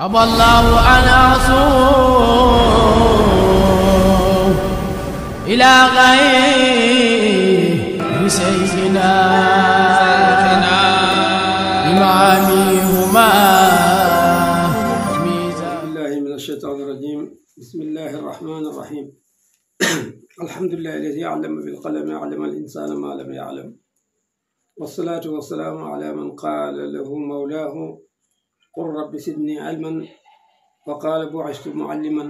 أبى الله أن أصوم إلى غير سيدنا إمامهما بالله من الشيطان الرجيم بسم الله الرحمن الرحيم الحمد لله الذي علم بالقلم علم الإنسان ما لم يعلم والصلاة والسلام على من قال له مولاه قل رب سدني علما وقال بعشت معلما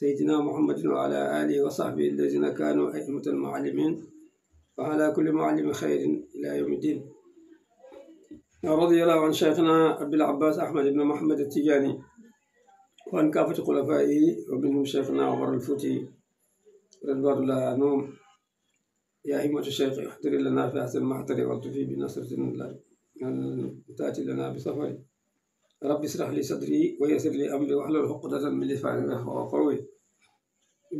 سيدنا محمد وعلى آله وصحبه الذين كانوا أئمة المعلمين وعلى كل معلم خير إلى يوم الدين رضي الله عن شيخنا أبي العباس أحمد بن محمد التجاني وعن كافة خلفائه ومنهم شيخنا عمر الفوتي رضوان الله عنهم يا أئمة الشيخ احضر لنا في أحسن ما احضر والتفي بنصرة الله تأتي لنا بسفر رب اشرح لي صدري ويسر لي أمري واحلل عقدة من لساني يفقهوا قولي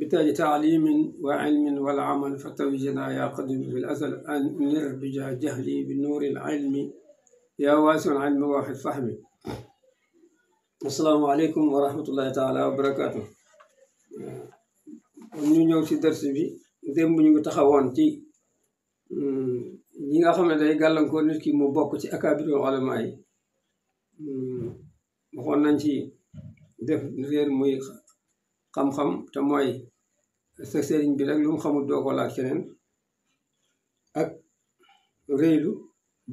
بتاج تعليم وعلم والعمل فتوجنا يا قدم في الأزل أن نربج جهلي بنور العلم يا واسع العلم واحد فهمي السلام عليكم ورحمة الله تعالى وبركاته آه، ñu ñëw ci dërs bi démb ñu ngi taxawoon ci mm, ñi nga xam ne day gàllankoor nit ki mu bokk ci akaabiru ulama yi Hmm, waxoon nañ ci def réer muy xam-xam te mooy sa sëriñ bi rek lu mu xamul doo ko laaj keneen ak réylu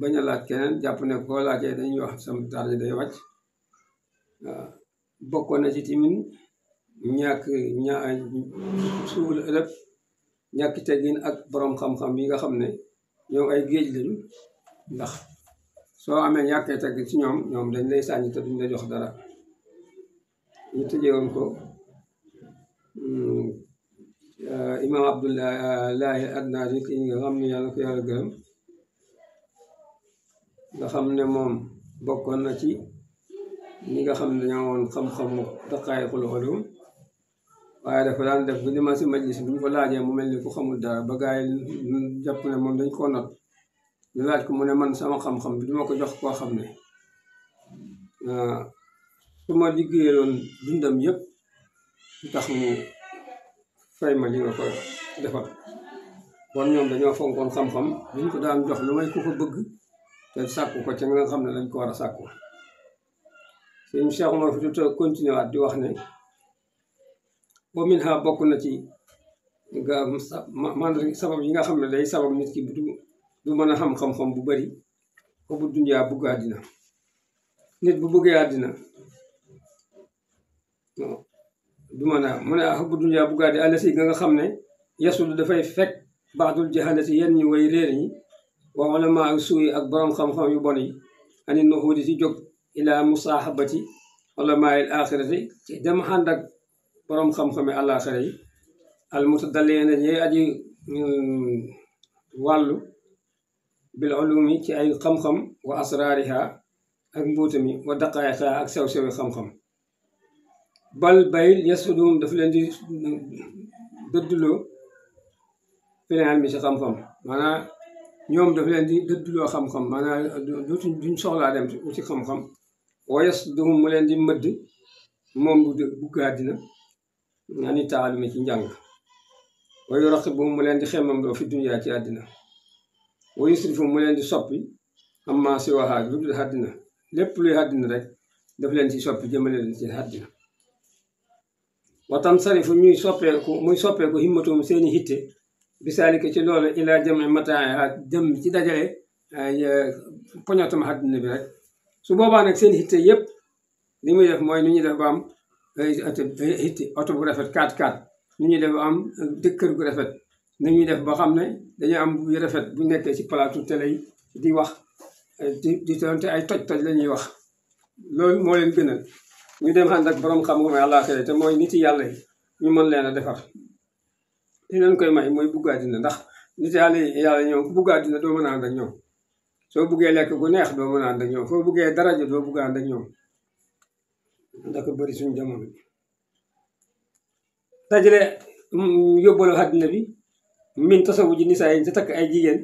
bañ a laaj keneen jàpp ne koo laajee dañuy wax sam tarje day wàcc waaw bokkoon na ci timin ñàkk ña suul ñàkk teggin ak borom xam-xam yi nga xam ne ñoom ay géej lañu ndax soo amee ñàkkee teg ci ñoom ñoom dañ lay sàññi te duñ la jox dara ñu tëjewoon ko hmm, imaam abdullahi adnaari ki nga xam ne yàlla ko yàlla gërëm nga xam ne moom bokkoon na ci ñi nga xam ne dañoo woon xam-xamu daqaayiqul ulum waaye dafa daan def bu dima si majlis bu ñu ko laajee mu mel ni ku xamul dara ba gaay jàpp ne moom dañ koo not ñu laaj ko mu ne man sama xam-xam bi duma ko jox koo xam ne ah, su ma liggéeyaloon dundam yëpp lu tax mu fay ma li nga ko defal kon ñoom dañoo fonkoon xam-xam duñ ko daan jox lu may ku ko bëgg ko ci nga xam ne dañ ko war a sàkku sëñ Cheikh Omar Fuuta Tall continué waat di wax ne boo min ha bokk na ci nga sabab yi nga xam ne day sabab nit ki bu du mën a xam xam-xam bu bari xubbu dunyaa bugg àddina nit bu bëggee àddina du mën a mu ne xubbu ah, dunyaa bugg àddina àll si ga nga xam ne yasul dafay fekk baaxdul jaxale si ñi way réer ñi wa ulama ak suuy ak borom xam-xam yu bon yi ani nuxuudi si jóg ilaa musaaxabati ulamaayil axirati ci dem ànd ak borom xam-xami àllaaxira yi al mutadalleena aji mm, wàllu bil ulumi ci ay xam-xam wa asraariha ak mbóotami wa daqaayata ak sew-sewi xam-xam bal bayil yasudum daf leen di dëdduloo filinal mi si xam-xam maanaa ñoom daf leen di dëdduloo xam-xam maanaa dootu duñ soxlaa dem ci xam-xam wa yasudum mu leen di mëdd moom bu bu gàddina ani taalumi ci njàng wa yuraqibuhum mu leen di xemmam loo fi duniyaa ci àddina ويسرفون مولين دي صوبي اما سوا هاد لود هادنا لب لي هادنا رك دفل انتي صوبي جمال انتي هادنا وطن صاري فو مي صوبي مي صوبي كو همتو مسيني هيت بسالي كي لولو الى جمع متاع جمع كي داجالي آه، بنياتو مهادنا برك سبوبا نك سين هيت يب نمي دف موي نيني دف بام هيت اوتوغرافت كات كات نيني دف بام دكر غرافت na ñuy def ba xam ne dañuy am yu rafet bu nekkee ci palaatu télé yi di wax di di tonte ay toj-toj la ñuy wax loolu moo leen gënal ñu dem ànd ak boroom xam-xam àllaaxira te mooy nit yàlla yi ñu mën leen a defar li leen koy may mooy bugg àddina ndax nit yàlla yi yàlla ñoom ku bugg àddina doo mën a ànd ak ñoom soo buggee lekk gu neex doo mën a ànd ak ñoom soo buggee daraja doo bugg a ànd ak ñoom dafa bëri suñu jamono dajale mm, yóbbalu àddina bi min tasawu ji saa yi ci takk ay jigéen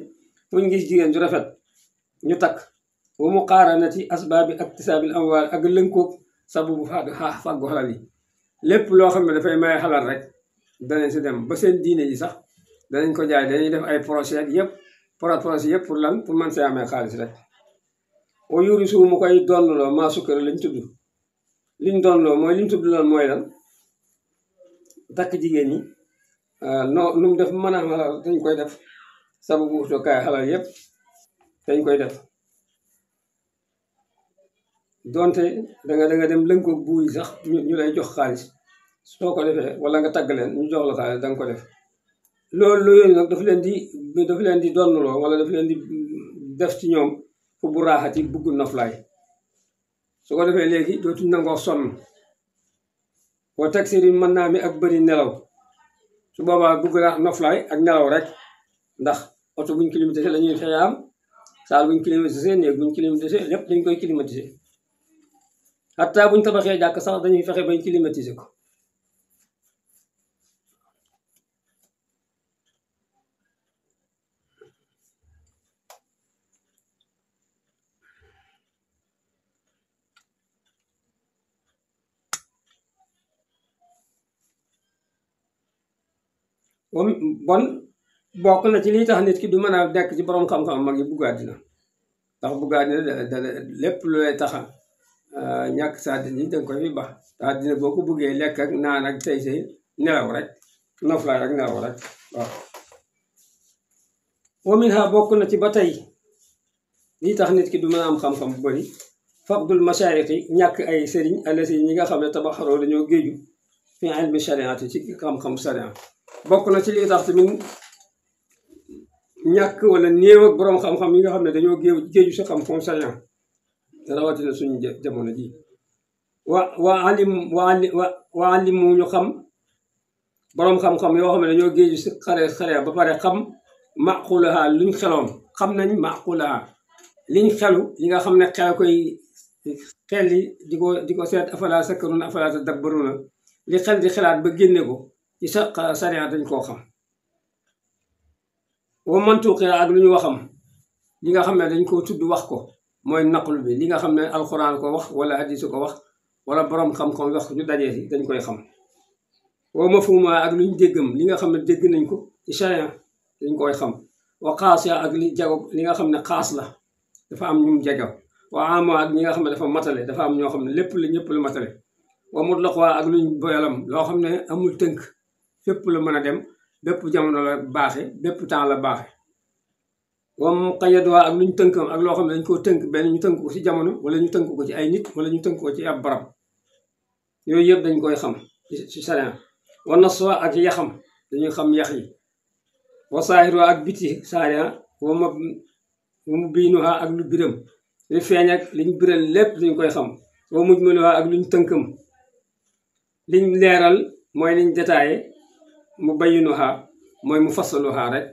fu ñu gis jigéen ju rafet ñu takk mu wa muqaaranati asbaabi ak tisaabil amwaal ak lënkoog sababu fàggu xalal yi lépp loo xam ne dafay maye xalal rek danañ si dem ba seen diine yi sax danañ ko jaay dañuy def ay projet yëpp projet projet yëpp pour lan pour man see amee xaalis rek au yuri su mu koy doonloo maa sukkar lañ tudd liñ doonloo mooy liñ tudd loon mooy lan takk jigéen ñi Ah, no nu mu def mën a xalal dañ koy def sababu utukaay xalal yëpp dañ koy def donte da nga da dem lënko buuy sax ñu lay jox xaalis soo ko defee wala nga tagg leen ñu jox la xaalis da nga ko def loolu yooyu nag daf leen di daf leen di donnloo wala daf leen di def ci ñoom fu bu raaxati bugg noflaay su ko defee léegi dootuñ nangoo sonn wa tag sëriñ mën naa mi ak bëri nelaw su boobaa bugg naa noflaay ak nelaw rek ndax oto buñ climatisé la ñuy fexe am saal buñ climatisé néeg buñ climatisé lépp dañ koy climatisé xataa buñ tabaxee jàkk sax dañuy fexe bañ climatisé ko bon bokk na ci lii tax nit ki du mën a dekk ci borom xam-xam mag yi bugg àddina ndax bugg àddina lépp lu lay taxa euh, ñàkk sa àddina yi danga koy fi baax te àddina boo ko buggee lekk ak naan ak tey say nelaw rek noflaay ak nelaw rek waaw wa bokk na ci ba tey lii tax nit ki du mën a am xam-xam bu bëri faqdul masaayixi ñàkk ay sëriñ alasi ñi nga xam ne tabaxaroo dañoo géeju في علم الشريعه تي كام كام شريعه بوكنا سي لي تخت من نياك ولا نيو بروم خام خام ميغا خامني دانيو جيو سي كام كام شريعه رواتي سوني جامونا جي وا وا علم وا علم ني خام بروم خام خام يو خامني دانيو جيو سي خاري خاري با بار خام معقولها لين خلوم خام نان معقولها لين خلو ليغا خامني خيا كوي خيلي ديكو ديكو سيت افلا سكرون افلا تدبرون li xel di xelaat ba génnee ko ci sa dañ koo xam wa mantuuqi ak lu ñu waxam li nga xam ne dañ koo tudd wax ko mooy naqlu bi li nga xam ne alxuraan ko wax wala hadiis ko wax wala borom xam-xam wax ñu dajee si dañ koy xam wa mafhuma ak li nga xam ne dégg nañ ko ci dañ koy xam wa xaas ya ak li jago li nga xam ne xaas la dafa am ñu jago wa ama ak ñi nga xam ne dafa matale dafa am ñoo xam ne lépp la ñëpp lu matale wa mutlaqaa ak luñ boyalam loo xam ne amul tënk fépp la mën a dem bépp jamono la baaxe bépp temps la baaxe wa waa ak luñ tënkam ak loo xam ne dañ koo tënk benn ñu tënk ko ci jamono wala ñu tënk ko ci ay nit wala ñu tënk ci ab barab yooyu yëpp dañ koy xam ci sariya wa naswa ak yaxam dañuy xam yax yi wa saahirwa ak biti sariya wa ma mu biinuwaa ak lu biram li feeñ ak liñ biral lépp dañ koy xam wa mujmaluwaa ak luñ tënkam liñ leeral mooy liñ détaillé mu bayyinu xaa mooy mu fasalu xaa rek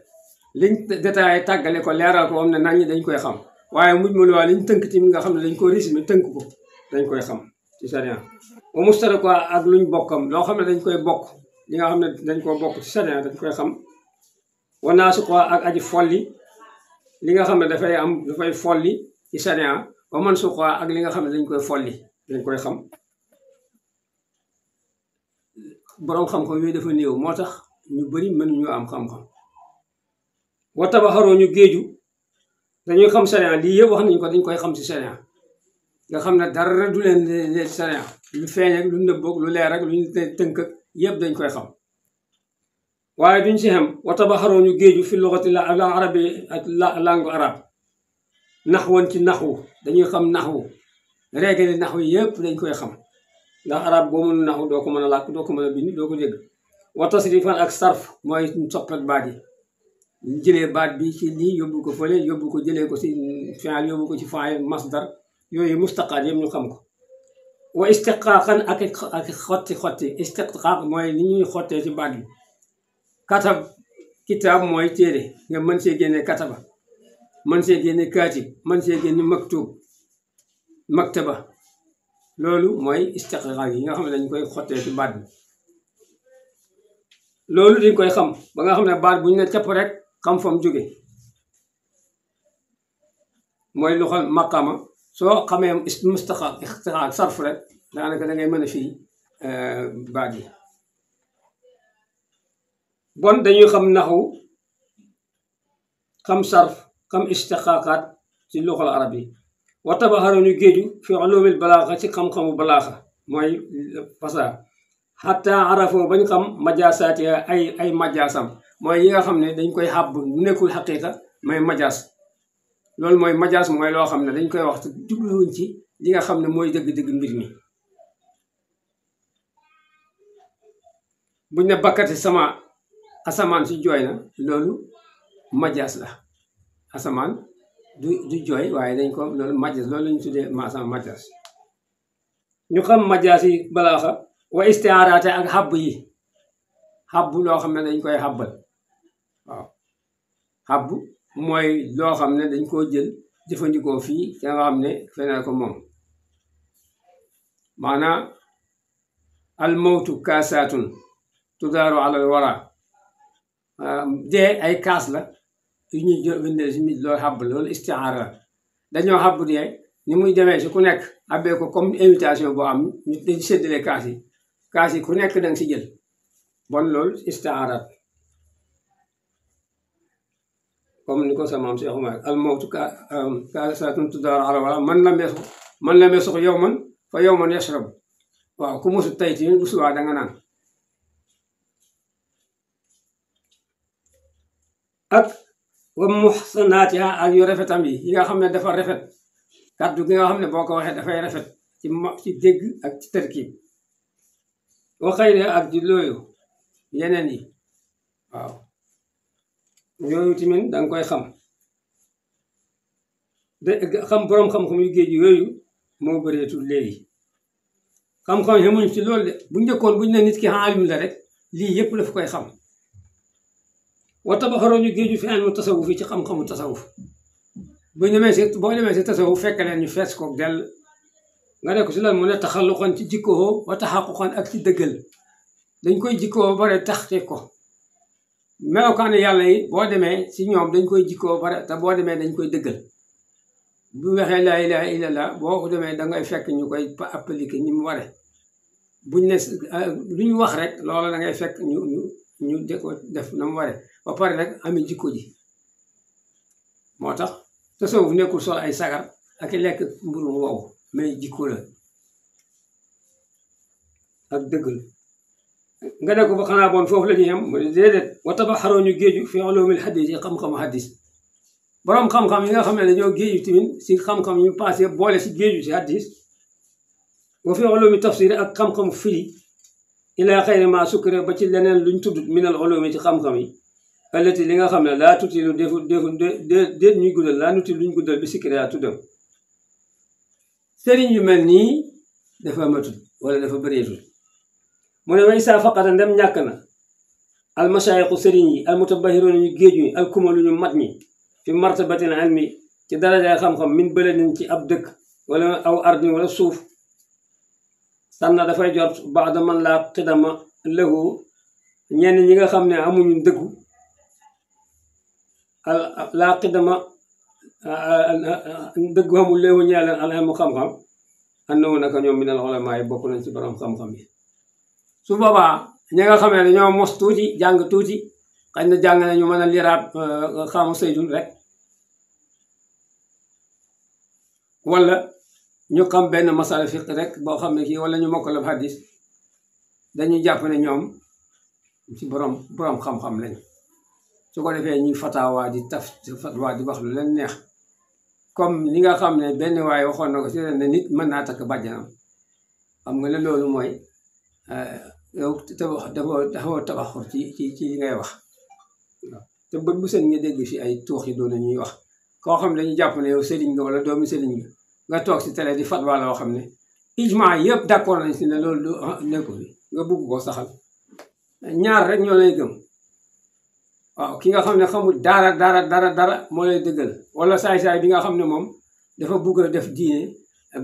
liñ détaillé tàggale ko leeral ko am ne nag ñi dañ koy xam waaye muj mu luwaa liñ tënk ci nga xam ne dañ ko résumé tënk ko dañ koy xam ci sharia wa mustaraka ak luñ bokkam loo xam ne dañ koy bokk li nga xam ne dañ koo bokk ci dañ koy xam wa naasuqa ak aji folli li nga xam ne dafay am dafay folli ci sharia wa mansuqa ak li nga xam ne dañ koy folli dañ koy xam boroom xam-xam yooyu dafa néew moo tax ñu bari mën ñu am xam-xam wa tabaxaroo ñu géeju dañuy xam sharia lii yëpp wax nañ ko dañ koy xam si sharia nga xam ne dara du leen leen sharia lu feeñ ak lu nëbboog lu leer ak lu ñu tënk ak yëpp dañ koy xam waaye duñ si xem wa tabaxaroo ñu géeju fi luxati la arabi ak langue arabe naxwoon ci naxwu dañuy xam naxwu règle naxwu yëpp dañ koy xam ndax arab boo mënul naxu doo ko mën a làkk doo ko mën a bind doo ko dégg wa tasrifan ak sarf mooy soppet baat yi ñu baat bi ci lii yóbbu ko fële yóbbu ko jëlee ko ci fi'il yóbbu ko ci fa'il masdar yooyu mustaqaat yëpp ñu xam ko wa istiqaaqan ak ak ñuy xottee ci baat bi katab kitaab mooy téere nga mën see génne kataba mën see génne kaatib man see génne maktub maktaba loolu mooy istiqraaq yi nga xam ne dañ koy xottee si baat bi loolu dañ koy xam ba nga xam ne baat bu ñu ne capp rek xam fa mu jóge mooy lu xam soo xamee mustaxaq istiqraaq sarf rek daanaka da ngay mën a fii euh, baat yi bon dañuy xam naxu xam sarf xam istiqaaqaat ci loxol arab yi watabaxaru ñu géeju fi ulumil balaaxa ci xam-xamu balaaxa mooy fasaa xatta arafoo bañ xam majaasaati ay ay majaasam mooy yi nga xam ne dañ koy xàbb bu nekkul xaqiiqa may majaas loolu mooy majaas mooy loo xam ne dañ koy wax te jubluwuñ ci nga xam ne mooy dëgg-dëgg mbir mi buñ ne bakkati sama asamaan si jooy na loolu majaas la asamaan du du jooy waaye dañ ko loolu majas loolu lañu tuddee maasam majas ñu xam majas yi balaaxa wa istiaraate ak xàbb yi xàbb loo xam ne dañ koy xàbbal waaw mooy loo xam ne dañ koo jël jëfandikoo fii ca xam ne feneen ko moom maanaam almawtu kaasaatun tudaaru alal wara dee ay kaas la yu ñu jëfandikoo si nit loolu xàbb loolu istiaara la dañoo xàbb dee ni muy demee si ku nekk abbee ko comme invitation boo am ñu dañ séddale kaas yi kaas yi ku nekk da nga si jël bon loolu istiaara comme ni ko sa maam Cheikh Oumar al ka euh, kaasatun tudaaru ala wala man lam yasux man lam yasux yawman fa yawman yashrab waaw ku musu tey tamit bu subaa danga naan wa muxsanaatiha ak yu rafetam yi yi nga xam ne dafa rafet kàddu gi nga xam ne boo ko waxee dafay rafet ci ma ci dégg ak ci tërkiib wa xayri ak ci yeneen yi waaw yooyu tamit danga koy xam de xam boroom xam-xam yu géej yooyu moo bëreetul léegi xam-xam xamuñ ci lool de bu njëkkoon ñu ne nit ki xaalim la rek lii yëpp la koy xam وتبخروا نجيجوا في علم التصوف في قم قم التصوف بين ما سيت بين ما سيت التصوف فكر أن يفاس كوك دل غدا كسل من تخلق أن تجكوه وتحقق أن أكل دقل دين كوي جكوه برا تختكو ما لو كان يالي بعد ما سنيوم دين كوي جكوه برا تبعد ما دين كوي دقل بوا خلا إلى إلى لا بوا خدمة دعوة إفكت نيوكاي با أبليك نيموارة بنيس آه، لين وخرك لولا دعوة إفكت نيو نيو نيو دكو دف نموارة ba pare nag amee jikko ji motax tax tasawuf nekul so ay sagar ak lek mburu mu wow mais jikko la ak dëgg nga ne ko ba xana bon fofu lañu yam yem mu wa tabaxaroo ñu geejju fi ulumil xadis yi qam xamu xadis borom xam-xam yi nga xamé dañu geejju timin tamit si xam-xam yu passé bolé ci geejju ci hadith wa fi ulumi tafsir ak xam-xamu fi ila xayri ma sukra ba ci lenen luñ tudd min al ulumi ci xam-xam yi التي لينغا خامنا لا تطيلو ديف ديف ديت نيو غودال لا نوتيلو نيو غودال بي سيكرياتو دم سيرين يو ملني دا فا ماتول ولا دا فا بريتول مونا ما يسا فقط ندم نياكنا المشايخ سيرين المتبهرون ني جيجو الكمول ني ماتني في laa qidama dëggu xamul léewu ñee leen mu xam-xam annahu naka ñoom minal ulamaa yi bokk nañ ci borom xam-xam yi su boobaa ñi nga xamee ne ñoo mos tuuti jàng tuuti xañ na jàng nañu mën a liraat e, xaamu saydul rek wala ñu xam benn masala fiq rek boo xam ne kii wala ñu mokkal ab hadis dañuy jàpp ne ñoom ci borom borom xam-xam lañu su ko defee ñuy fatawaa di taf waa di wax la neex comme li nga xam ne benn waaye waxoon na ko si ne nit mën naa takk bàjjanam xam nga ne loolu mooy eh, yow tabax dafa dafa tabaxur ci ci ci li ngay wax waaw te bët bu seen nga dégg fi ay tuux yi doon ñuy wax koo xam ne dañu jàpp ne yow nga wala doomi sëriñ nga nga toog si télé di fatwa loo xam ne ijma yëpp d'accord nañ si ne loolu du ah, nekku bi nga bugg koo saxal ñaar rek ñoo lay gëm waaw ki nga xam ne xamul dara dara dara dara moo lay dëggal wala saay-saay bi nga xam ne moom dafa bugg a def diine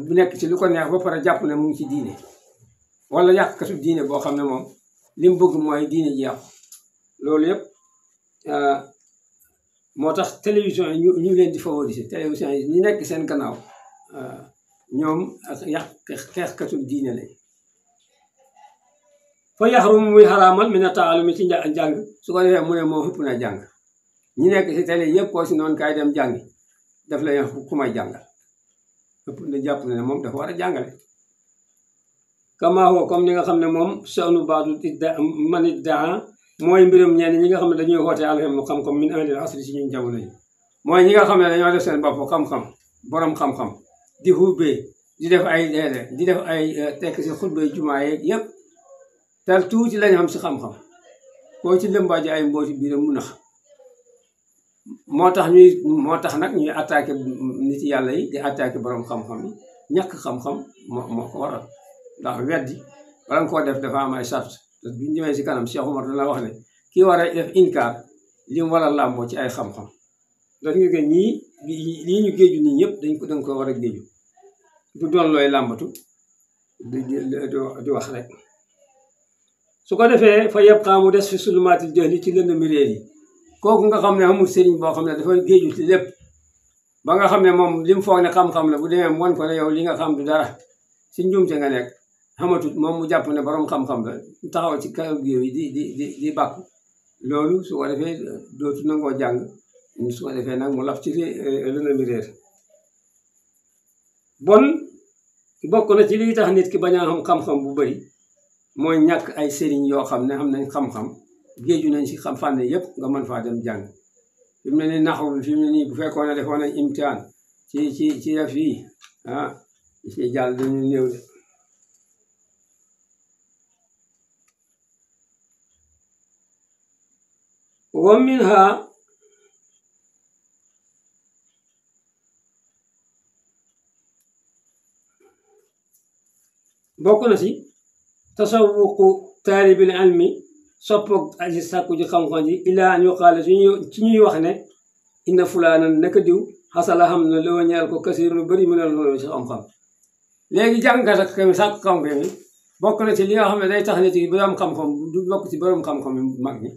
bu nekk ci lu ko neex ba pare jàpp na mu ngi ci diine wala yàqkatu diine boo xam ne moom li bëgg mooy diine ji yàqu loolu yëpp euh, moo tax télévision yi ñu ñu leen di favoriser télévision yi ñu nekk seen gannaaw euh, ñoom ak yàq xeexkatu diine lañ fa yaxarum muy xaraamal mi na taalumi ci njàng su ko defee mu ne moo xëpp na jàng ñi nekk si télé yëpp koo si noonu kay dem jàngi daf lay ku may jàngal ëpp na jàpp ne moom dafa war a jàngale kamaaxoo comme ni nga xam ne moom soonu baadu man iddaa mooy mbirum ñenn ñi nga xam ne dañuy woote alxem mu xam-xam min indil asri si ñun jamono yi mooy ñi nga xam ne dañoo def seen bopp xam-xam borom xam-xam di xubbee di def ay di def ay tekk si xutbee jumaa y tal tuuti lañ xam si xam-xam koo ci lëmbaaji ay mbooti biiram mu nax moo tax ñuy moo tax nag ñuy attaqué nit yàlla yi di attaqué borom xam-xam ñàkk xam-xam moo moo ko waral ndax weddi bala nga koo def dafa am ay sart te bu ñëwee si kanam Cheikh Oumar dana wax ne kii war a def inkaar li war a làmboo ci ay xam-xam dañu ñu gën ñii lii géeju nii ñëpp dañ ko danga ko war a géeju du doon looy làmbatu di di wax rek su ko defee fa yëpp xaamu des fi sulumaatil jahli ci lënd mi réer yi kooku nga xam ne amul sëriñ boo xam ne dafa géeju ci lépp ba nga xam ne moom li mu foog ne xam-xam la bu demee won ko ne yow li nga xam du dara si njuumte nga nekk xamatut moom mu jàpp ne borom xam-xam la taxaw ci kaw géew yi di di di di bàkku loolu su ko defee euh, dootu nangoo jàng su ko defee nag mu laf ci euh, lënd bon bokk na ci liy tax nit ki bañ a xam-xam bu bëri mooy ñàkk ay sëriñ yoo xam ne am nañ xam-xam géeju nañ si xam fànn yëpp nga mën faa dem jàng fi mu ne nii naxu bi fi mu ne nii bu fekkoon defoon nañ imtihaan ci ci ci yëf yi ah ci jàll dañu néew de wa minha bokk na si tasawuqu taalibil almi soppoog aji sàkku ji xam-xam ji ilaa an yuqaale suñu ci ñuy wax ne inna fulaanan naka diw xasala xam na loo ñeel ko kasiir lu bëri mu ne loolu ci xam-xam léegi jàngkat ak kami sàkku xam-xam yi bokk na ci li nga xam ne day tax nit yi borom xam-xam du bokk ci borom xam-xam yu mag ñi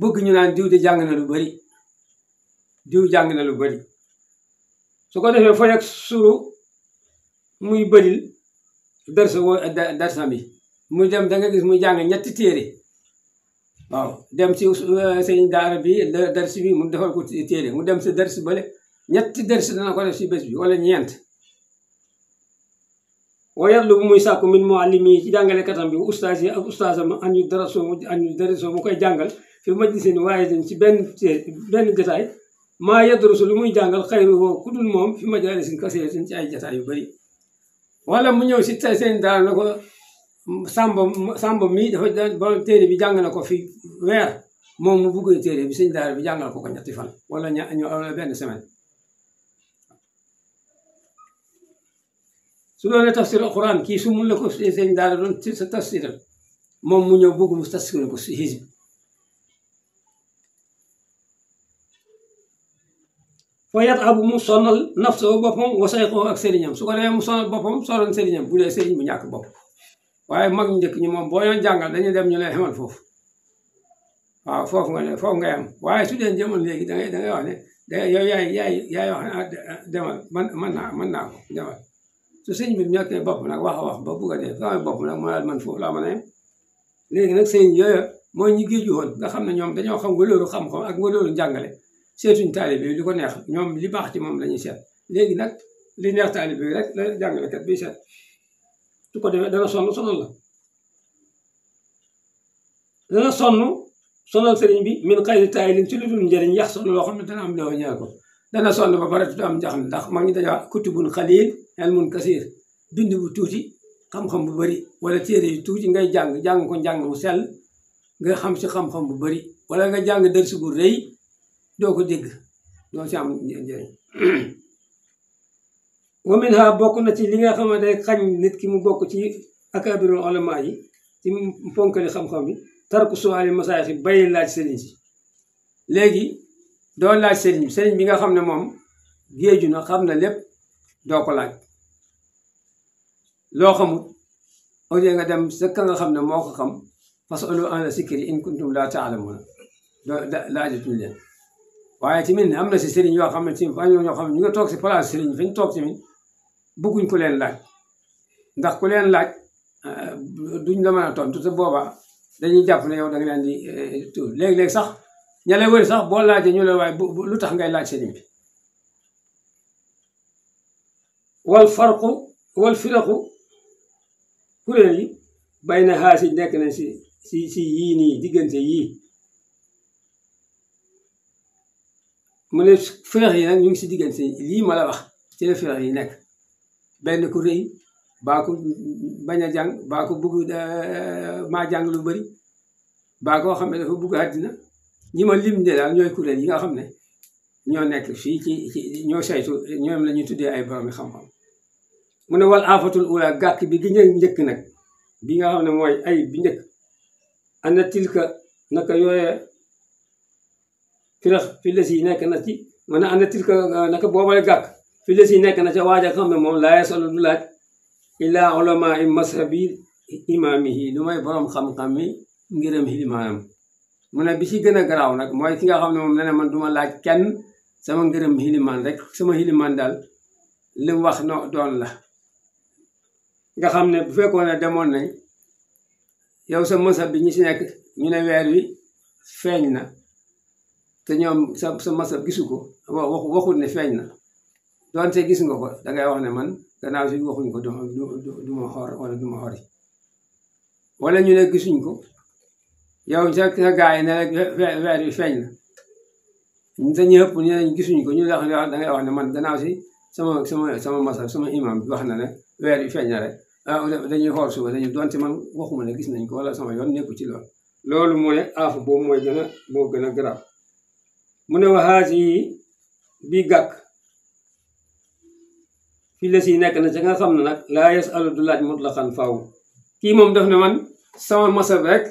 bëgg ñu naan diw di jàng na lu bëri diw jàng na lu bëri su ko defee fa nekk suru muy bëril dersa woo dersa bi muy dem da nga gis muy jàng ñetti téere waaw dem si euh, sëñ daara bi si bi mu defal ko téere mu dem si ders bële ñetti ders dana ko si bés bi wala ñeent wa yàllu bu muy sàkku min muallimi yi ci bi ustaas yi ak ustaasam an yu darasoo an yu darasoo mu koy jàngal fi majlisin waaye dañ ci benn benn jataay maa yadrusu lu muy jàngal xayru woo ku dul moom fi majalisin kaseetin ci ay jataay yu bëri wala mu ñëw si seen daara na ko Samba Samba mii dafa borom téere bi jàng na ko fi weer moom mu bëgg téere bi sëñ daara ko ko ñetti fan wala ña benn semaine. su doonee tafsir alquran kii su mun la ko sëñ sa tafsiral moom mu ñëw bëgg mu tafsir ko si xis bi fa yat abu mu sonal nafsoo boppam wasay ko ak sëriñam su ko defee mu sonal boppam sonal sëriñam bu dee sëriñ bu ñàkk bopp waaye mag njëkk ñi moom boo leen jàngal dañuy dem ñu leen xamal foofu waaw foofu nga ne foofu ngay am waaye su dee jëmal léegi da ngay da ngay wax ne da yow yaay yaay yaay wax ne ah, ah, demal man man naa mën naa ko demal su sëñ bi ñàkkee bopp nag wax a wax ba bugg a dee sama bopp nag mu man foofu laa mën a léegi nag sëñ yooyu mooy ñi géeju woon nga xam ne ñoom dañoo xam walóoru xam-xam ak walóoru njàngale seetuñ taalib bi li ko neex ñoom li baax ci moom la ñuy seet léegi nag li neex taalib bi rek la jàngalekat bi seet su ko defee dana sonn sonal la dana sonn sonal sëriñ bi min xayri taayilin si njëriñ yax sonn loo xam ne dana am leew ñaar ko dana sonn ba pare du am jaxam ndax mag ngi dañu wax kutubun xaliil ilmun kasiir bind bu tuuti xam-xam bu bëri wala téere yu tuuti ngay jàng jàng ko njàng mu sel nga xam si xam-xam bu bëri wala nga jàng dërsi bu rëy doo ko dégg doo si am njëriñ wa minha bokk na ci li nga xam ne day xañ nit ki mu bokk ci akabirul ulama yi ci ponkali xam-xam bi tarku suali masaaxi bàyyi laaj sëriñ léegi doo laaj sëriñ bi bi nga xam ne moom géeju na xam na lépp doo ko laaj loo xamut au lieu nga dem sa ka nga xam ne moo ko xam fasalu ahla zikri in kuntum laa ta'lamuun doo laajatuñ leen waaye tamit am na si sëriñ yoo xam ne ci ñoo xam ne ñu nga toog si place sëriñ fañ toog tamit bëgguñ ku leen laaj ndax ku leen laaj euh, duñ la mën a tontu te booba dañuy jàpp ne yow da nga leen di euh, tuur léeg sax ña wër sax boo laajee ñu la waaye lu tax ngay laaj sëriñ bi wal farqu wal firaqu kuréel yi bay na xaar si nekk na si si si yii nii diggante yii mu ne féex yi nag ñu ngi si diggante lii ma la wax ci la féex yi nekk benn ku rëy baa ku bañ a jàng baa ku bugg eh, maa jàng lu bëri baa koo xam ne dafa bugg àddina ñi ma lim ne daal ñooy kuréel yi nga xam ne ñoo nekk fii ci ci ñoo saytu ñoom la ñuy tuddee ay boromi xam-xam mu ne wal aafatul ula gàkk bi gi njëkk nag bi nga xam ne mooy ay bi njëkk ana tilka naka yooyee firax fi les yi nekk na ci mu ne ana tilka naka boobale gàkk fi la si nekk na ca waaj a xam ne moom laa yasalu du laaj illaa ulama i mashabi imaamihi lu may borom xam-xami ngirëm xilimaanam mu ne bi ci gën a garaaw nag mooy ki nga xam ne moom nee na man duma laaj kenn sama ngërëm xilimaan rek sama xilimaan daal li wax no doon la nga xam ne bu fekkoon ne demoon nañ yow sa masab bi ñu si nekk ñu ne weer wi feeñ na te ñoom sa sa masab gisu ko waxut ne feeñ na doonte gis nga ko dangay wax ne man gannaaw si waxuñ ko du du ma xoor wala du ma xori wala ñu ne gisuñ ko yow sa sa gaa yi ne rek weer wi feeñ na ñu te ñëpp ñu gisuñ ko ñu ne dangay wax ne man gannaaw si sama sama sama masa sama imam wax na ne weer wi feeñ na rek ah, dañuy xoor suba dañuy doonte man waxuma ne gis nañ ko wala sama yoon nekku ci loolu loolu mooy aafu boobu mooy gën a moo gën a garaaw mu ne waxaasi yi bi gàkk fii la si nekk na ci nga xam ne nag laa yes alu du laaj mutlaqan faaw kii moom def na man sama masab rek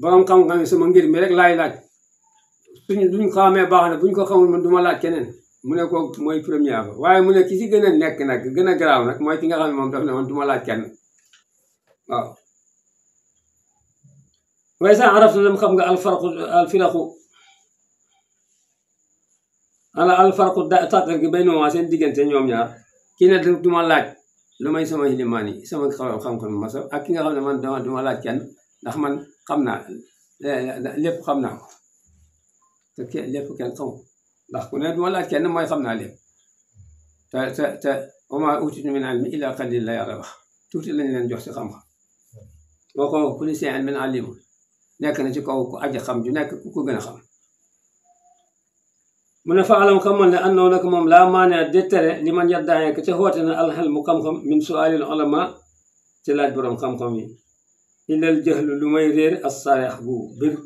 borom xam-xam yi ngir mi rek laay laaj suñ duñ xamee baax na buñ ko xamul man duma laaj keneen mu ne kooku mooy waaye mu ne ki si gën a nekk nag gën a garaaw mooy ki nga xam ne moom def du ma laaj xam nga alfarqu alfiraqu ala alfarqu da tàqar gi bay noowaa seen diggante ñoom ñaar kii ne du ma laaj lu may sama xilimaan yi sama xam-xam masa ak ki nga xam ne man dama du ma laaj kenn ndax man xam naa lépp xam naa ko te ke ndax ku ne du ma laaj kenn mooy xam naa lépp te te te wama utiitum min ilmin illaa qaliilan la yàlla wax tuuti lañ leen jox si xam-xam boo ko kulli shay'in min nekk na ci kaw ku aji xam ju nekk ku ko gën a xam من فعل مكمل لأنه لكم لا مانع دتر لمن يدعي كتهوتنا الحل مكمكم من سؤال العلماء تلاج برم كمكم إلا الجهل لميرير الصريح بو بر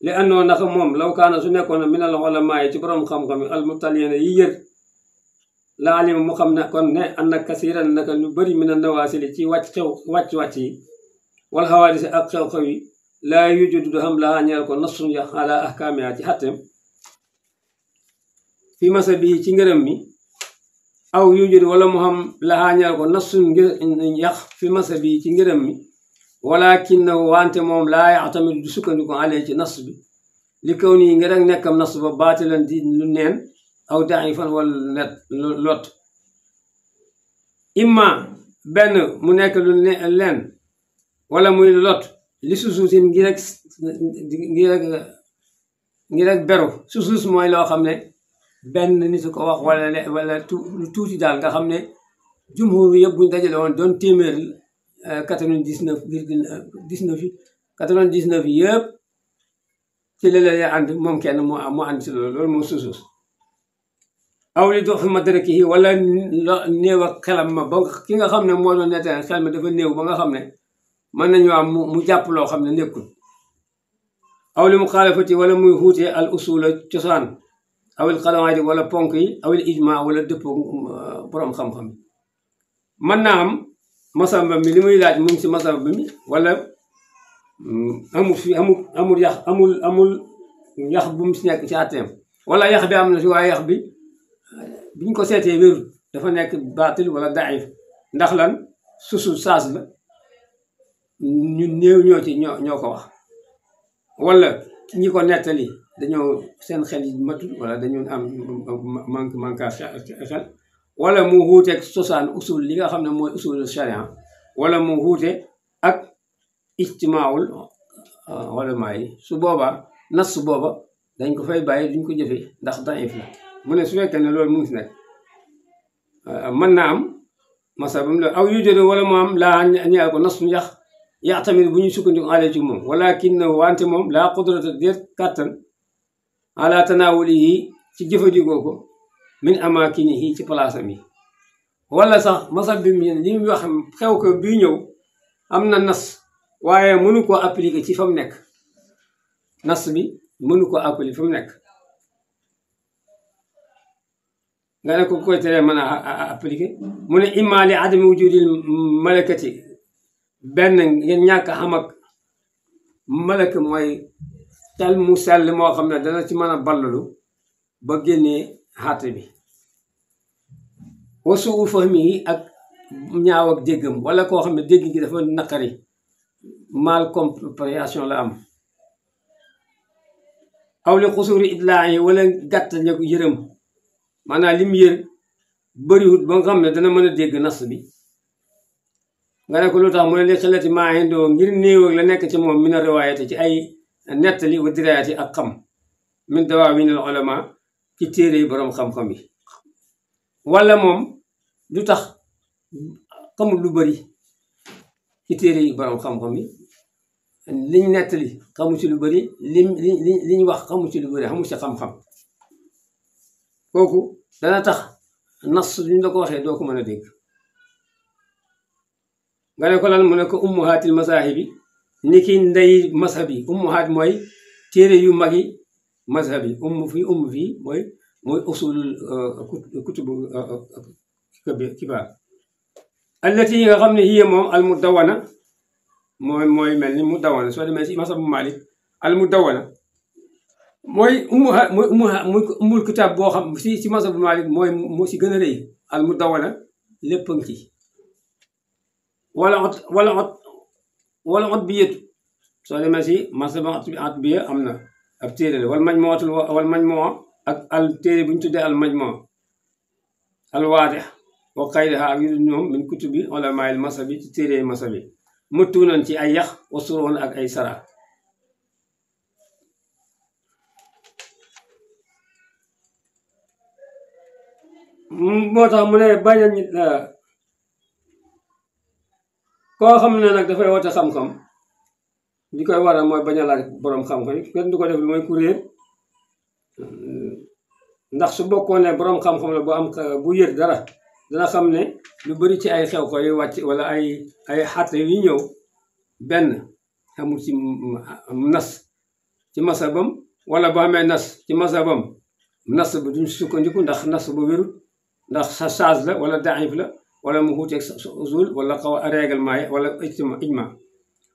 لأنه نخمم لو كان سنكون من العلماء تبرم كمكم المطلين يير لا علم مكم نكون أن كثيرا نك نبري من النواسل تي واتش واتش واتش والحوادث أقصى قوي لا يوجد دهم لا أن يكون نص على أحكامها تحتم fi masa bi ci ngërëm mi aw yujud wala mu xam laxaañal ko nasun ngir yax fi masa bi ci ngërëm mi walakin wante moom laa yaxtamit du sukkandiku alee ci nas bi li kaw nii nga rek nekkam nas ba baatilan di lu neen aw daifan wala net lot imma benn mu nekk lu leen wala muy lot li susuusin ngi rek beru susuus mooy loo xam ne ben nit ko wax wala wala lu tuuti dal nga xamne ne jumhur yëpp buñ dajale won don temer 99 vingt yeb ci la lay ànd moom kenn moo moo ànd si loolu loolu moo suusuus aw li dox madrakihi wala néew ak xelam ma ba ki nga ma dafa néew ba nga am mu jàpp wala muy al usul cosaan أو القلاعدي ولا بونكي أو الإجماع ولا دبوم برام خم خم من نعم مثلا بمليمي لا ممكن مثلا بمي ولا أمور في أمور أمور يخ أمور أمور يخ بمسنيك شاتم ولا يخ بأم نجوا يخ بي بين كسيت يبير دفن يك باطل ولا ضعيف دخلا سوسو سازل نيو نيو تي نيو نيو كوا ولا نيكو نتالي dañoo seen xel yi matul wala dañu am manque manque xel wala mu wuuteeg sosaan usul li nga xam ne mooy usul sharia wala mu wuute ak ijtimaawul wala maa yi su boobaa nas su booba dañ ko fay bàyyi duñ ko jëfe ndax daif la mu ne su fekkee ne loolu mu ngi si nag mën naa am masa bam la aw yujadu wala mu am laa ñaar ko nas mu yax yaa tamit bu ñu sukkandiku alee ci moom walakin wante moom laa qudrata déet kàttan ala tanawulihi ci jëfandikoo ko min amaakinihi ci palaasam yi wala sax masal bi mu li mu wax xew ko bi ñëw am na nas waaye mënu ko appliquer ci fa mu nekk nas bi mënu ko appliquer fa mu nekk nga ne ko koy tere mën a appliquer mu ne imma li adami wujudil malakati benn ngeen ñàkk xam ak malaka mooy xel mu sell moo xam ne dana ci mën a ballalu ba génnee xàtte bi wasu u fahmi yi ak ñaaw ak déggam wala koo xam ne dégg gi dafa naqari mal la am aw li xusuuri idlaa yi wala lim yër bëriwut ba nga xam ne dana mën a dégg nas bi nga ne ko lu mu ne li xelati maa indoo ngir néew la nekk ci moom mi na riwaayate ci ay نتلي ودراياتي أقم من دواوين العلماء كتيري برام خم خمي ولا موم لتخ قم اللبري كتيري برام خم خمي لين نتلي لي اللبري لين لين لين وخ قاموس اللبري هموس خم خم كوكو لا تخ نص لي دوكو واحد دوكو من ديك قال لك أمهات المذاهبي niki ndey mazhab yi ummuhaat mooy téere yu mag yi mazhab yi umm fii umm fii mooy mooy usul kutubu kibaar allati yi nga xam ne hiya moom al mudawwana mooy mooy mel ni mudawwana soo demee si mazhabu Malik al mudawwana mooy ummuha mooy ummuha mooy ummul kitaab boo xam si si mazhabu Malik mooy moo si gën a rëy al mudawwana lépp a ngi ci wala ot wala ot ولا عد بيتو سالي ماشي ما سبع عد بيه أمنا أبتير له والمجموعة والمجموعة التير بنتو ده المجموعة الواضع وقيلها عبيد النوم من كتبي ولا ما المسابي تير المسابي متونا أنت أيخ وصرون أك أي سرا موتا مني باين koo xam ne nag dafay woote xam-xam li koy waral mooy bañ a laaj xam-xam yi kenn du ko def mooy kuréel ndax su bokkoo ne boroom xam-xam la bu am bu yër dara dana xam ne lu bari ci ay xew ko yu wàcc wala ay ay xatte yu ñëw benn xamul ci nas ci masabam wala bu amee nas ci masabam nas bu duñ sukkandiku ndax nas bu wérul ndax sa saag la wala daif la ولا مهوت أزول ولا قوى أريج الماء ولا إجتماع إجماع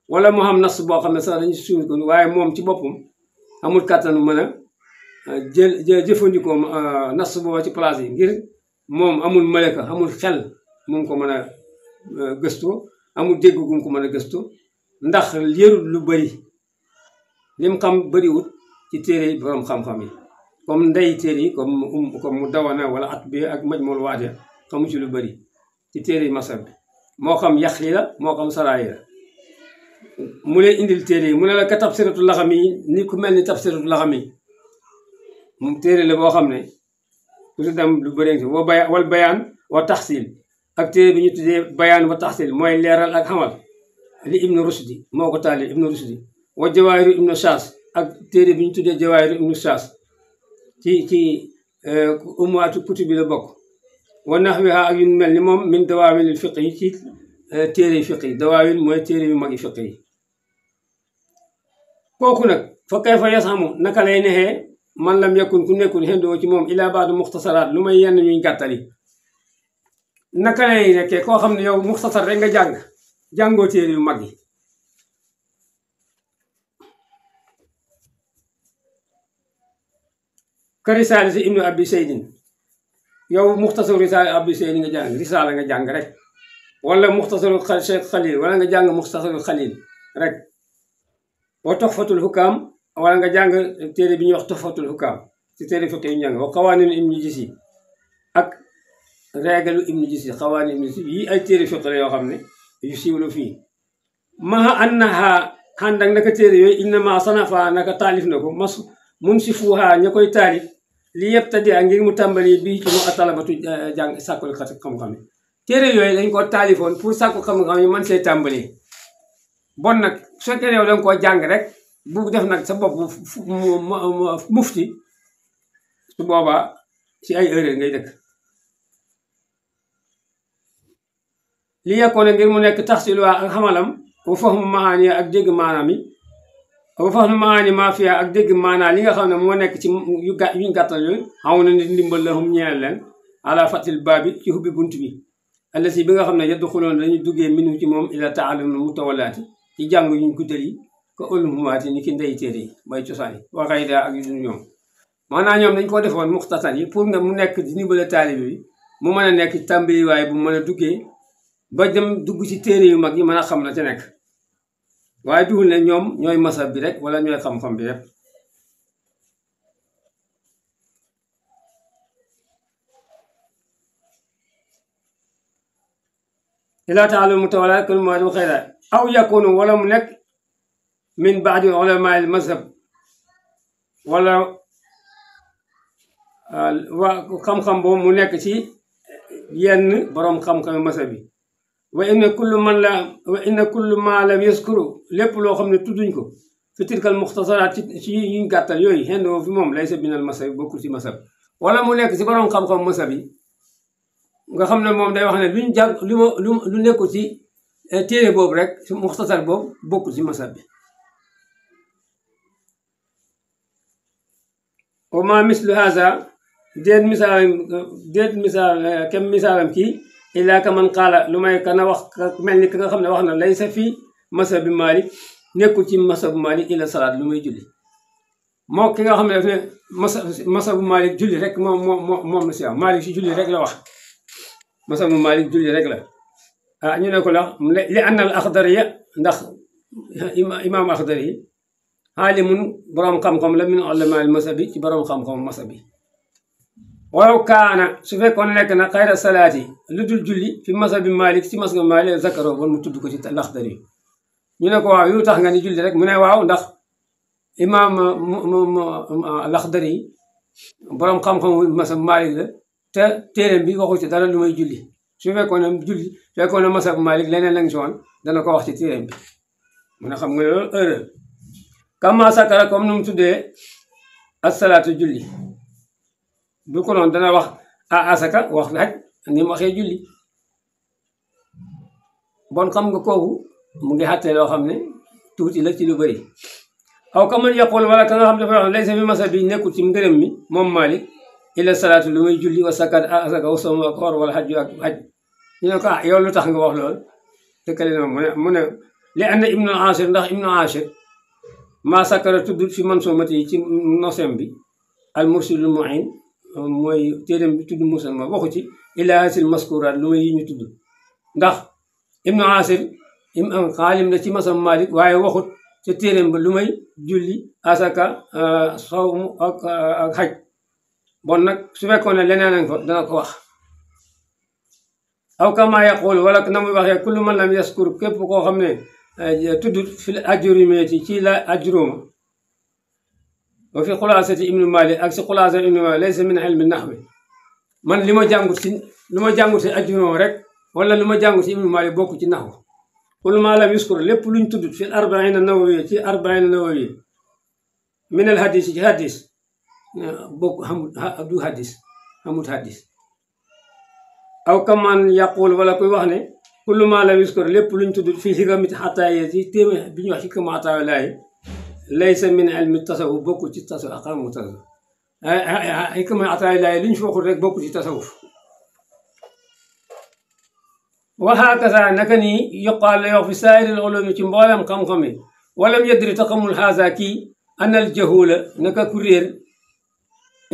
ولا مهم نص باق مثلا نسون كل واحد مهم تبابهم أمور كاتن منا جل جل جفون يكون آه، نص باق تبلازي غير مهم أمور ملكة أمور خل مهم كمان جستو آه، أمور ديجوكم كمان جستو ندخل لير لبري لم كم بريود كتيري برام خام خامي كم داي تيري كم كم مدوانا ولا أتبي أكمل مول واجه كم شلو بري ci téere yi masar bi moo xam yaxli la moo xam saraayi mu lay indil téere yi mu ne la ka tabsiratu laxam yi ni ku mel ni tabsiratu laxam yi moom téere la boo xam ne ku si dem lu bëri wa bay wal bayaan wa taxsil ak téere bi ñu tuddee bayaan wa taxsil mooy leeral ak xamal li ibnu rusdi moo ko taali ibnu rusdi wa jawaayiru ibnu saas ak téere bi ñu tuddee jawaayiru ibnu saas ci ci euh, ummaatu kutubi la bokk ونحوها أجن ملمم من دواوين الفقهي آه، تيري فقهي دواوين موي تيري مكي فقهي كوكونك فكيف يسهمو نكالينه من لم يكن كن يكن هندو وكموم إلى بعض مختصرات لما ينن من قطري نكالينه كي كو خمني يو مختصر رنجا جانج جانجو تيري مكي كرسالة ابن أبي سيدين yow muxtasaru risaala abdu seyni nga jàng risaala nga jàng rek wala muxtasaru cheikh xalil wala nga jàng muxtasaru xalil rek wa toxfatul hukaam wala nga jàng téere bi ñuy wax toxfatul hukaam ci téere fiq yu njàng wa xawaaninu ibnu jisi ak reegalu ibnu jisi xawaaninu ibnu jisi yi ay téere fiq la yoo xam ne yu siiwlu fii maha annaha xànd ak naka téere yooyu innama sanafa naka taalif na ko mas mun si fuuhaa ña taalif li yabtadi ngir mu tàmbali bii ci mu atalabatu eh, jàng sàkkul xam-xam yi téere yooyu dañ koo taalifoon pour sàkku xam-xam yi mën see tàmbali bon nag su fekkee yow da nga koo jàng rek bu def nag sa bopp mufti su boobaa ci ay erreur ngay dëkk li yekkoon ngir mu nekk tax si luwaa ak xamalam bu fahmu maani ak dégg maanaam yi wa fax nu maani maa fiya ak dégg maanaa li nga xam ne moo nekk ci yu gà yuñ gàttal yooyu xaw na nit ndimbal lahum ñeel leen ala fatil baabi ci hubbi bunt bi allasi bi nga xam ne yaddu xuloon dañuy duggee minu ci moom ila taalum mutawalaati i jàng yuñ guddal yi ko ulumumaati ni ki ndey téere yi mooy cosaan yi wa xayda ak yu dul ñoom maanaa ñoom dañ ko defoon muxtatan yi pour nga mu nekk di ndimbale taalibe bi mu mën a nekk tàmbaliwaay bu mën a duggee ba dem dugg ci téere yu mag yi mën a xam la ca nekk waaye duul ne ñoom ñooy masab bi rek wala ñooy xam-xam bi rek ilaa taalamu tawala kun ma du xayra aw yakunu wala mu nekk min baadi walla masab wala ah, wa xam-xam boobu mu nekk ci yenn boroom xam-xam masab bi wa inna kullu man la wa inna kullu ma lam yaskuru lépp loo xam ne tudduñ ko fi tilkal muxtasaraat ci ci yiñ yooyu xend moom fi moom lay sa binal masab bokkul ci masab wala mu nekk si borom xam-xam masab nga xam ne moom day wax ne luñ jàng lu ma lu lu nekkul ci e, boobu rek si boobu bokkul ci masab bi wa ma mislu haza déet misaal déet misaal kem kii إلا كمن قال لما كان وخ ملني كنا خمنا وخنا ليس في مسب مالي نيكو تي مسب مالي إلا صلاة لما يجلي ما كنا خمنا في مسب مالي جلي رك ما ما ما ما مسيا مالي شي جلي رك لا وخ مسب مالي جلي رك لا أني آه، نقول لأن الأخضرية نخ إمام أخضرية عالم برام قام قام لمن علماء المسبي برام قام قام مسبي waaw kaana su fekkoon nekk na xayra salaati lu dul julli fi bi malik si masga malik zakaro bon mu tudd ko ci laxdari ñu ne ko waaw yu tax nga ni julli rek mu ne waaw ndax imaam laxdari boroom xam-xam masab malik la te bi waxu ci dara may julli su fekkoon ne julli su fekkoon ne malik leneen lañ si dana ko wax ci téeréem bi mu ne xam nga loolu erreur kama sakara comme nu mu tuddee asalaatu julli بيكونون دنا وقت أعسكا آه، وقت لحد أني ما خي جولي بان كم كوهو مجي حتى لو خمني توت إلا تلو بري أو كمان يقول ولا كنا خمد فرح ليس في مسا بي نكو تيم درمي مم مالي إلا الصلاة اللي مي جولي وسكا أعسكا وصم وقار والحج وحج ينقع يولو تحنق وخلول تكلم من من لأن ابن العاشر ده ابن العاشر ما سكر تدل في منصومته في نصيم بي المرسل المعين mooy téeréem bi tudd musalma waxu ci ilaa asir maskuraat lu may yi ñu tudd ndax ibnu asir im xaalim la ci masam malik waaye waxut ca téeréem ba lu may julli asaka ah, sawmu ah, ak xaj bon nag su fekkoon ne leneen nañ ko dana ko wax aw kama yaqul wala na muy waxee kullu man lam yaskur képp koo xam ne eh, tudd fil ajurumee ci ci la ajuróoma وفي خلاصة ابن مالك أكس خلاصة ابن مالك ليس من علم النحو من لما جانغو سي لما جانغو سي أجمو رك ولا لما جانغو سي ابن مالك بوكو تي نحو كل ما لم يذكر لب لن تدد في الأربعين النووية في الأربعين النووية من الحديث حديث بوك حمود حمود حديث حمود حديث أو كما يقول ولا كوي وحني كل ما لم يذكر لب لن تدد في هرمت حتى يزي تيم بنيوحي كما حتى ولاي ليس من علم التصوف بوكو تي التصوف أقام التصوف هيكما أعطاها لا يلينش فوق رك بوكو تي التصوف وهكذا نكني يقال له في سائر العلوم تنبالم كم كمي ولم يدري تقمل هذا كي أن الجهول نكا كرير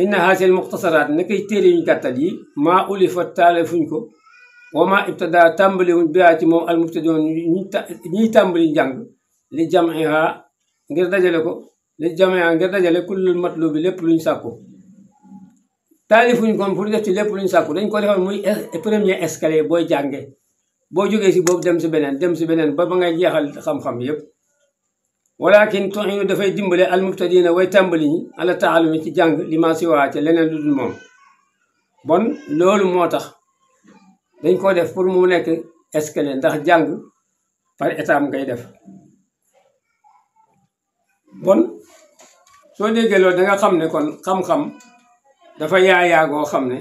إن هذه المختصرات نكي تيري نكتالي ما ألفت تالفنكو وما ابتدى تنبلي بها تمو المبتدون ني تنبلي جنگ لجمعها ngir dajale ko li jamaa ngir dajale ku lu kullul matlubi lépp luñ sàkku taalifuñ kon pour def ci lépp luñ sàkku dañ ko defoon muy premier escalier booy jànge boo jógee si boobu dem si beneen dem si beneen ba ba ngay jeexal xam-xam yëpp walakin toxinu dafay dimbale almubtadina way tàmbali ñi ala ci jàng li ma siwaa ca leneen lu moom bon loolu moo tax dañ ko def pour mu nekk escalier ndax jàng par étape ngay def bon soo déggee loolu da xam ne kon xam-xam dafa yaayaagoo xam ne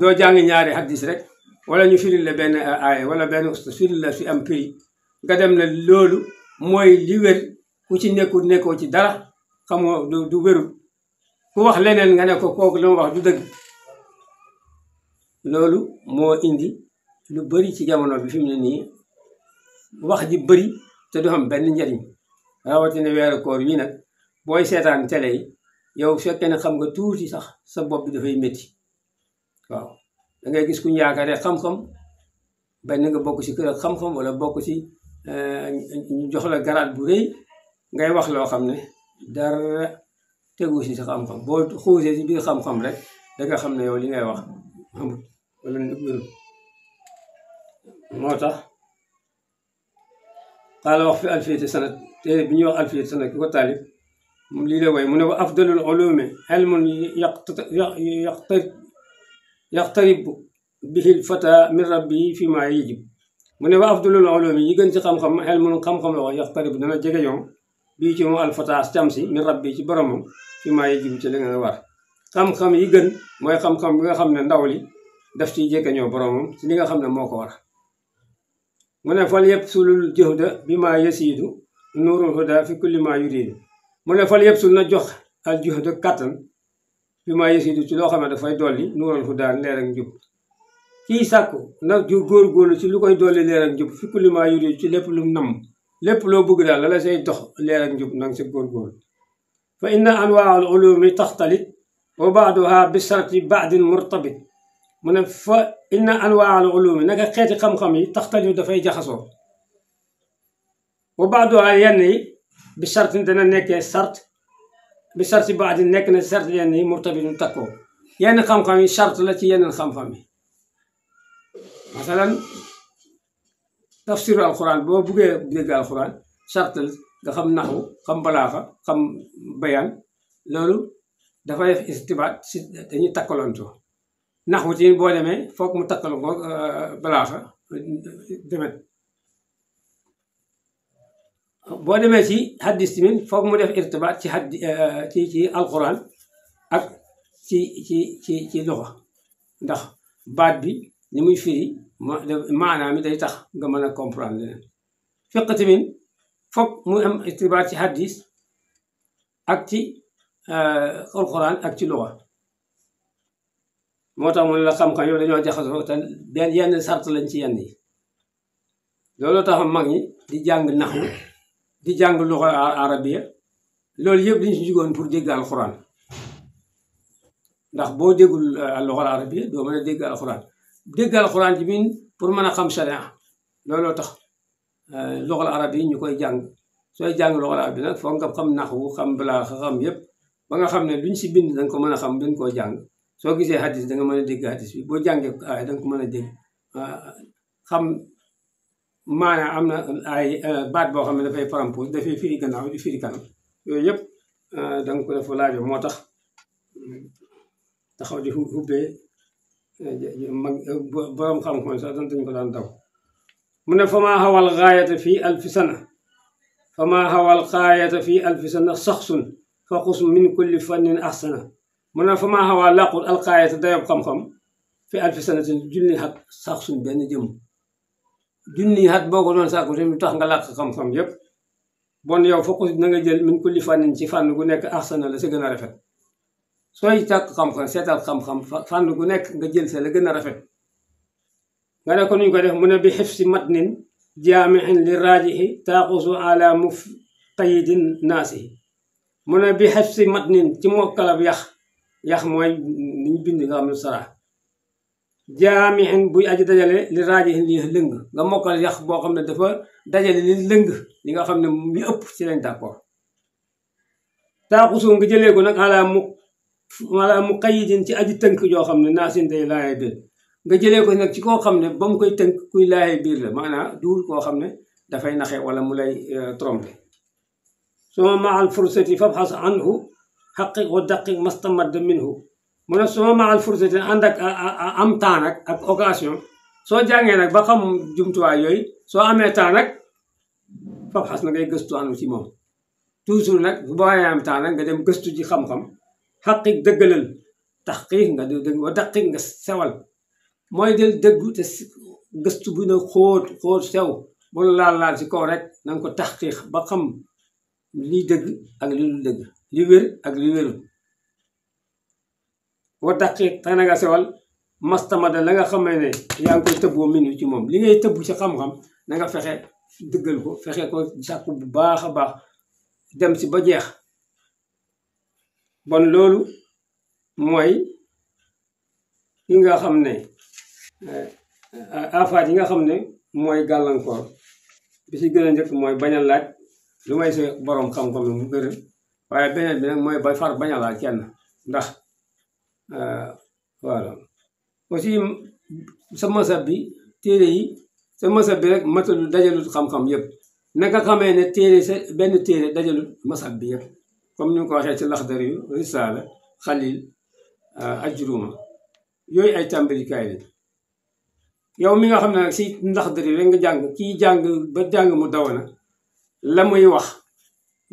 doo jàng ñaari hadis rek wala ñu firil la benn aaya wala benn firil la fi am prix nga dem ne loolu mooy li wér ku ci nekkul nekkoo ci dara xamoo du du ku wax leneen nga ne ko kooku wax du dëgg loolu moo indi lu bëri ci jamono bi fi mu ne nii wax ji bëri te du xam benn njariñ rawatina weeru koor wi nag booy seetaan télé yi yow fekkee ne xam nga tuuti sax sa bopp dafay metti waaw dangay gis ku ñu yaakaaree xam-xam benn nga bokk si kër ak xam-xam wala bokk si eh, ñu jox la garaat bu rëy ngay wax loo xam ne dara tegu si sa xam-xam boo xuusee si biir xam-xam rek da xam ne yow li ngay wax amul wala moo tax طالوخ في ألفية سنة إيه، بنيو ألفية سنة كيكو طالب ليلا وي منو أفضل العلوم علم يقترب يقترب به الفتى من ربه فيما يجب منو أفضل العلوم يجن خم خم علم خم خم يقترب دنا جيجا يوم بيجي مو الفتى استمسي من ربه في برمو فيما يجب تلقى نوار خم خم يجن ما خم خم ما خم نداولي دفتي جيجا يوم برمو تلقى خم نموك وراه من فليبسل الجهد بما يسيد نور الهدى في كل ما يريد من فليبسل نجح الجهد كتن بما يسيد تلو خمد فاي دولي نور الهدى ليرن جب كي ساكو نا جو غور غور سي لو دولي ليرن جب في كل ما يريد سي لب لم نم لب لو بوغ دال لا سي دوخ ليرن جب نان غور غور فان انواع العلوم تختلف وبعدها بشرط بعد مرتبط من ف إن أنواع العلوم نك قيت خم خمي تختلف دفعي جخصو وبعضها يعني بشرط إننا نك شرط بشرط بعد نك شرط يعني مرتبط تكو يعني خم خمي شرط التي يعني خم خمي مثلا تفسير القرآن بو بوجي بيجا القرآن شرط خم نحو خم بلاغة خم بيان لولو دفعي استباد تني تكو لانتو نحوتين بولمي فوق متقل فوق بلاصه دمت بولمي تي حد استمين فوق مدف ارتباط تي حد تي تي القران اك تي تي تي تي لغه داخ بعد بي نمي في معنى مي داي تاخ غمانا كومبراند فقه تمين فوق مهم ارتباط تي حديث اك تي القران اك تي لغه moo tax mu la xam-xam yow dañoo jaxasoo te benn yenn sart lañ ci yenn yi looloo tax mag ñi di jàng naxu di jàng luxa arabiya yëpp dañ si jugoon pour dégg alxuraan ndax boo déggul euh, luxa arabiya doo mën a dégg alxuraan dégg alxuraan ji miin pour mën a xam sharia looloo tax euh, luxa arab yi ñu koy jàng sooy jàng luxa arab yi nag foog nga xam naxu xam balaa xam yëpp ba nga xam ne luñ si bind danga ko mën a xam duñ koo jàng soo gisee hadis da nga mën a dégg hadis bi boo jàngee aaya da nga ko mën a dégg xam maanaam am na ay baat boo xam ne dafay parampose dafay firi gannaaw di firi kanam yooyu yëpp da nga ko def laajo moo tax taxaw di ubbee mag borom xam-xam sax dantañ ko daan daw mu ne famaa xawal xaayata fii alfi sana fa famaa xawal xaayata fii alfi sana saxsun qus min kulli fannin ahsana mun naa fa maa xawaa làqul alxaayata dayob xam-xam fi alfi sanatin junni xat sax suñ benn jëm junni xat boo ko doon sàkku lu tax nga làq xam-xam yépp bon yow fokku na nga jël min kulli fànnin ci fànn gu nekk axsana la si gën a rafet sooy tàkk xam-xam seetal xam-xam fànn gu nekk nga jël sa la gën a rafet nga ne ko nuñ ko def mu ne bi xif si mat matnin jaamiin li raajixi taaxusu ala muf tayidin naasi mu ne bi xif si matnin ci mokkalab yax yax mooy niñ bind nga xam ne sara jaamixin buy aji dajale li raajihin li lëng nga mokkal yax boo xam ne dafa dajale li lëng li nga xam ne li ëpp ci lañ d'accord taaxusu nga jëlee ko nag alaa mu alaa mu xayidin ci aji tënk joo xam ne naasin day laayee nga jëlee ko nag ci koo xam ne ba mu koy tënk kuy laayee biir la maanaam duul koo xam ne dafay naxe wala mu lay euh, tromper suma maal fursati fabxas anhu xaqiq wa daqiq mastamadda minhu mu ne suma maal fursati ànd ak am temps ak occasion soo jàngee nag ba xam jumtuwaay yooyu soo amee temps nag fab xas na ngay gëstu ànd ci moom toujours nag boo am temps nag nga dem gëstu ji xam-xam xaqiq dëggalal taxqiq nga di dëgg wa daqiq nga sewal mooy de dëggu te gëstu bu ne xóot xóot sew bu laal laal ci kaw rek na nga ko taxqiq ba xam liy dëgg ak li dul dëgg li wér ak li wérul wa tax na nga sewal mastamada la nga ne yaa ngi koy tëbboo minu ci moom li ngay tëbb ci xam-xam na nga fexe dëggal ko fexe ko sàkku bu baax a baax dem si ba jeex bon loolu mooy yi nga xam ne eh, afaat yi nga xam ne mooy gàllankoor bi si gën a njëkk mooy bañ laaj lu may sa borom xam-xam mu gërëm waaye beneen bi nag mooy ba far bañ a kenn ndax euh, voilà aussi sa masab bi téere yi sa masab bi rek matalu dajalut xam-xam yëpp naka xamee ne téere sa benn téere dajalut masab bi yëpp comme ni ko waxee si laxdar yu risaala xalil euh, ajruma yooyu ay tàmbalikaay la yow mi nga xam ne nag si laxdar yi rek nga jàng ki jàng ba jàng mu daw na la muy wax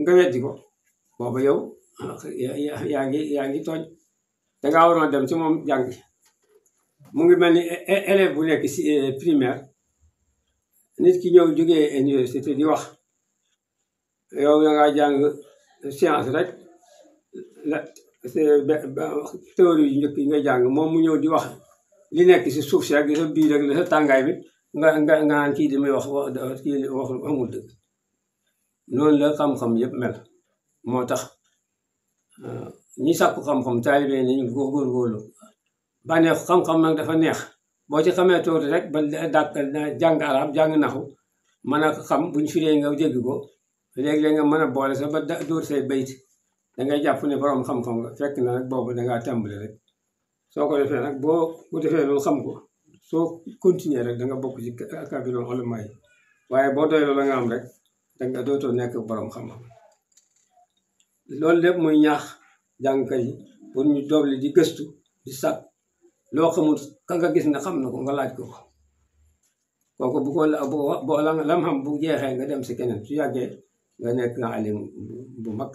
nga weddi ko boobu yow yaa ngi yaa ngi tooñ dangaa waroon dem ci moom jàng mu ngi mel ni e, e, élève bu nekk si euh, primaire nit ki ñëw jógee université di wax yow dangaa jàng science rek la théorie yu nga jàng moom mu ñëw di wax li nekk si suuf si ak sa biir ak li sa tàngaay bi nga nga nga naan kii di muy wax kii wax amul la xam-xam yëpp mel moo tax euh, ñi sàkku xam-xam taalibe nañu góorgóorlu bànneexu xam-xam nag dafa neex boo ci xamee tuuti rek ba dàkk jàng arab jàng naxu mën a xam buñ firee nga dégg ko léeg-léeg nga mën a boole sa ba dóor say bayit dangay jàpp ne borom xam nga fekk na nag boobu dangaa tàmbali rek soo ko defee nag boo ko defee loolu xam ko soo continuer rek danga bokk ci kabiroon ulamaa yi waaye boo doy loolu nga am rek danga dootoo nekk borom xam loolu lépp mooy ñaax jàngkat yi pour ñu doble di gëstu di sàkk loo xamul ka nga gis ne xam na ko nga laaj ko kooku bu ko bo la lam xam bu jeexee nga dem si keneen su yàggee nga nekk nga alim bu mag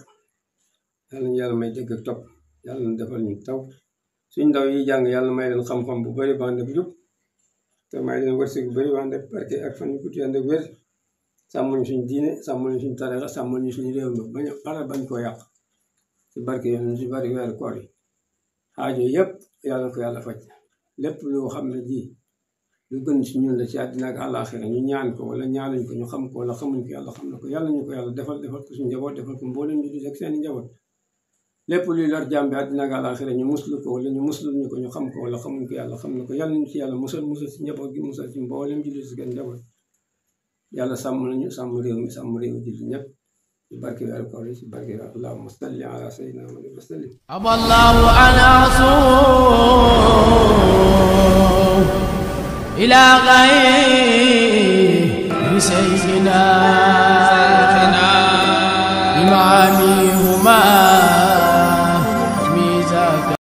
yàlla yàlla may dégg ak topp yàlla ñu defal ñu taw suñ ndaw yi jàng yàlla may leen xam-xam bu bari ba ànd ak jub te may leen wërsëg bu bëri ba ànd ak ak fan yu gudd ànd wér sàmmal ñu suñu diine sàmmal ñu suñu tarixa sàmmal suñu réew mi bañ a bañ koo yàq ci barke yoon ci barke weeru koor yëpp yàlla ko yàlla faj lépp loo xam ne ji lu gën ci ñun la ci àddina ak àllaaxira ñu ñaan ko wala ñaanuñ ko xam na ko yàlla ñu defal defal ko suñu njaboot defal ko mboolem ñu di ak seen njaboot lépp luy lor jàmm bi àddina ak àllaaxira ñu muslu ko wala ñu musal musal ci njaboot gi musal ci mboolem yàlla sàmm nañu sàmm réew mi sàmm réew julli ñëpp ci barke bi alkoor yi ci barke bi allahumma salli ala sayyidina muhammad wa sallim aballahu an asum ila ghayri sayyidina imami